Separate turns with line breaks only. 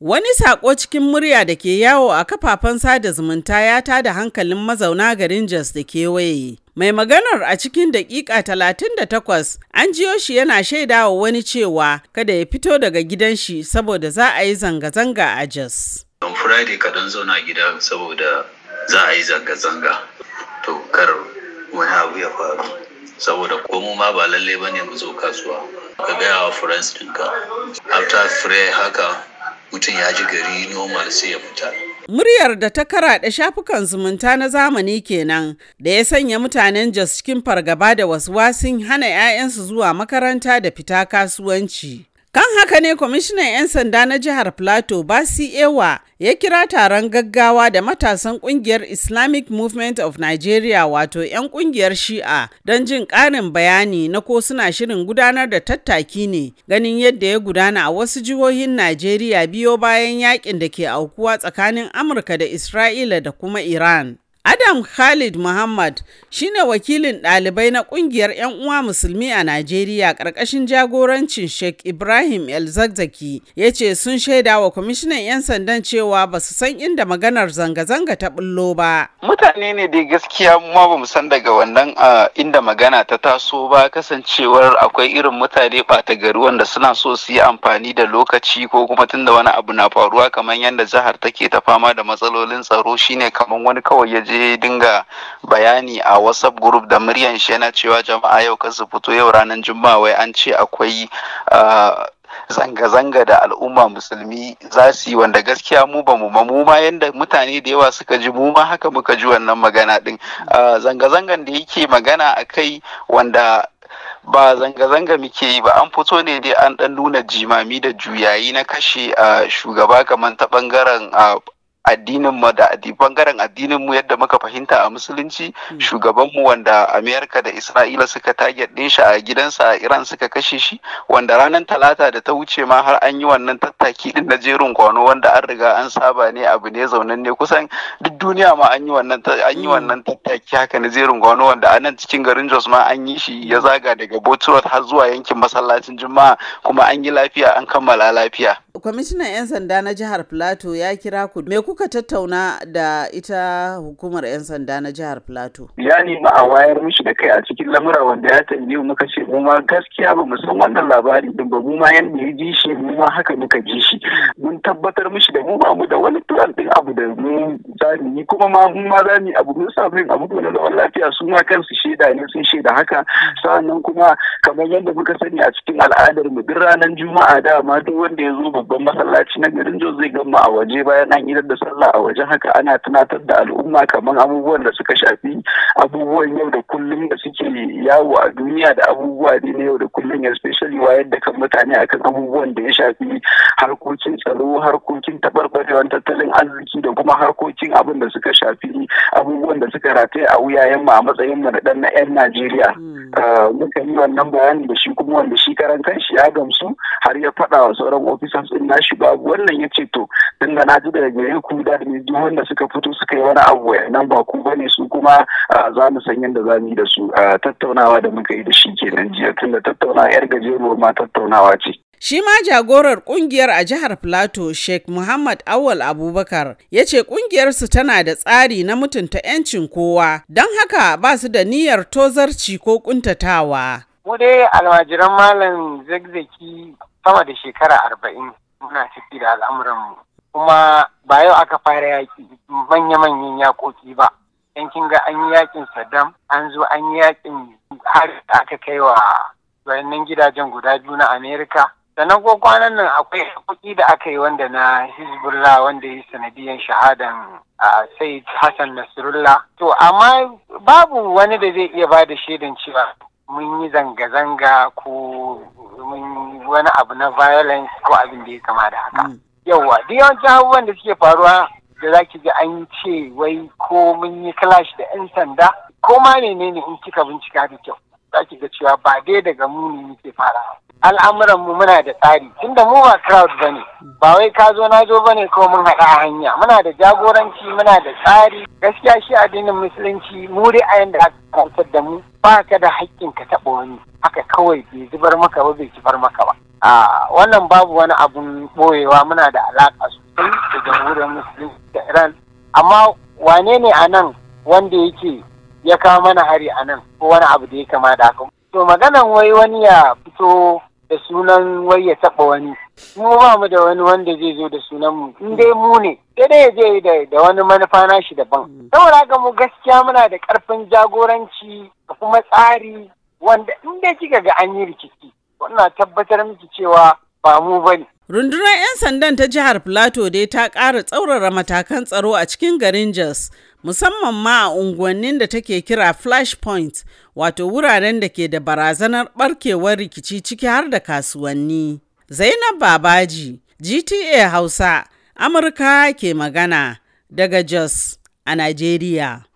Wani saƙo cikin murya da ke yawo a kafafen sada zumunta ya tada hankalin mazauna garin Jos da kewaye. Mai maganar a cikin daƙiƙa 38 an jiyo shi yana shaidawa wani cewa kada ya fito daga gidan shi saboda za a yi zanga-zanga a Jos.
Don Friday ka don zauna gida saboda za a yi zanga-zanga. To kar wani abu ya faru. saboda komo ma ba lalle ba ne mu zo kasuwa ka gaya wa friends ɗinka after fray haka mutum ya ji gari normal sai ya fita.
Muryar da ta karaɗe shafukan zumunta na zamani kenan da ya sanya mutanen Jos cikin fargaba da wasu wasin hana 'ya'yansu zuwa makaranta da fita kasuwanci. Kan haka ne kwamishinan 'yan sanda na jihar Plateau Basi Ewa ya kira taron gaggawa da matasan kungiyar Islamic Movement of Nigeria wato 'yan kungiyar Shi'a don jin ƙarin bayani na ko suna shirin gudanar da tattaki ne ganin yadda ya gudana a wasu jihohin Najeriya biyo bayan yakin da ke aukuwa tsakanin Amurka da Isra'ila da kuma Iran. Adam Khalid Muhammad shine wakilin ɗalibai na ƙungiyar 'yan uwa musulmi a Najeriya ƙarƙashin jagorancin Sheikh Ibrahim El Zagzaki ya ce sun shaida wa kwamishinan 'yan sandan cewa ba su san inda maganar zanga-zanga ta ɓullo ba. Mutane
ne da gaskiya ma ba mu san daga wannan inda magana ta taso ba kasancewar akwai irin mutane ɓata gari wanda suna so su yi amfani da lokaci ko kuma tunda wani abu na faruwa kamar yadda jihar take ta fama da matsalolin tsaro shine kamar wani kawai ya je dinga bayani a whatsapp group da muryan shi yana cewa jama'a yau su fito yau ranar juma'a wai an ce akwai zanga-zanga da al'umma musulmi za su yi wanda gaskiya mu ba mu mu ma yadda mutane da yawa suka ji mu ma haka muka ji wannan magana din zanga-zangan da yake magana a kai wanda ba zanga-zanga muke yi ba an fito ne dai an dan nuna jimami da juyayi na kashe a shugaba kamar ta bangaren addinin mu da bangaren addinin mu yadda muka fahimta a musulunci hmm. shugaban mu wanda Amerika da Isra'ila suka target din shi a gidansa a Iran suka kashe shi wanda ranar talata da ta wuce ma har an yi wannan tattaki din na jerin kwano wanda an riga an saba ne abu ne zaunan ne kusan duk duniya ma an yi wannan an yi hmm. wannan tattaki haka na jerin kwano wanda anan cikin garin Jos ma an yi shi ya zaga daga Botsuwat har zuwa yankin masallacin Juma'a kuma an yi lafiya an kammala lafiya
kwamishinan 'yan sanda na jihar plateau ya kira ku me kuka tattauna da ita hukumar 'yan sanda na jihar plateau
ya nemi a wayar mishi da kai a cikin lamura wanda ya tambaye muka ce mu ma gaskiya ba mu san wannan labari din ba mu ma yanda ya ji shi mu ma haka muka ji shi mun tabbatar mishi da mu ba mu da wani plan din abu da mu zani ni kuma ma mu ma zani abu mun sa yin abu da lafiya su ma kansu shaida ne sun shaida haka sannan kuma kamar yadda muka sani a cikin al'adar mu duk ranar juma'a da ma duk wanda ya zo ba. babban masallaci na garin jos zai gama a waje bayan an idar da sallah a wajen haka ana tunatar da al'umma kamar abubuwan da suka shafi abubuwan yau da kullum da suke yawo a duniya da abubuwa ne na yau da kullum especially wayar da kan mutane akan abubuwan da ya shafi harkokin tsaro harkokin tabarbarewan tattalin arziki da kuma harkokin abin da suka shafi abubuwan da suka rataye a wuyayen mu a matsayin mu na dan na 'yan Najeriya. Hmm. muka yi wannan bayani da shi kuma wanda shi karan kanshi ya gamsu har ya faɗa wa sauran officers din shi babu wannan ya ce to din na ji daga gare ku da ni, duk wanda suka fito suka yi wani abu nan ba ku ne su kuma za mu san yadda za mu yi da su tattaunawa da muka yi da shi kenan jiya tunda tattaunawa yar gajeruwar ma tattaunawa ce.
Shi ma jagorar kungiyar a jihar Plateau, Sheikh Muhammad Awal Abubakar, ya ce kungiyarsu tana da tsari na mutunta 'yancin kowa, don haka ba su da niyyar tozarci ko kuntatawa.
Mu dai almajiran malam zagzaki sama da shekara arba'in muna ciki da al'amuranmu. Kuma ba yau aka fara yaƙi manya-manyan yaƙoƙi ba. Yankin ga an yi yaƙin Saddam, an zo an yi yaƙin har aka kai wa wayannan gidajen guda biyu na Amerika. sannan ko kwanan nan akwai hakuki da aka yi wanda na hezbollah wanda ya sanadiyan shahadan a sai hassan nasrullah to amma babu wani da zai iya ba da shaidan cewa mun yi zanga-zanga ko mun wani abu na violence ko abin da ya kama da haka mm. yauwa duk yawancin abubuwan da suke faruwa da za ki ji an ce wai ko mun yi clash da 'yan sanda ko ma ne ne in kika bincika da kyau za ki ga cewa ba dai daga muni muke farawa al'amuran mu muna da tsari tunda mu ba crowd bane ba wai ka zo na zo bane ko mun haɗa a hanya muna da jagoranci muna da tsari gaskiya shi addinin musulunci mu dai a yanda aka kwantar da mu ba ka da haƙƙin ka taɓa wani haka kawai bai zubar maka ba bai zubar maka ba a wannan babu wani abun boyewa muna da alaƙa sosai da jamhuriyar musulunci da iran amma wane ne a nan wanda yake ya kawo mana hari a nan ko wani abu da ya kama da haka to maganan wai wani ya fito da sunan wai ya taɓa wani mu ba mu da wani wanda zai zo da sunan mu in dai mu ne dai ya je da wani manufa na shi daban mm. saboda ga mu gaskiya muna da karfin jagoranci da kuma tsari wanda in dai kika ga an yi rikici
wannan tabbatar miki cewa ba mu bane Rundunar 'yan sandan ta jihar Plateau dai ta ƙara tsaurara matakan tsaro a cikin garin Jos musamman ma a unguwannin da take kira flashpoint wato wuraren da ke da barazanar barkewar rikici ciki har da kasuwanni. Zainab Babaji, GTA Hausa, Amurka ke magana daga Jos a Najeriya.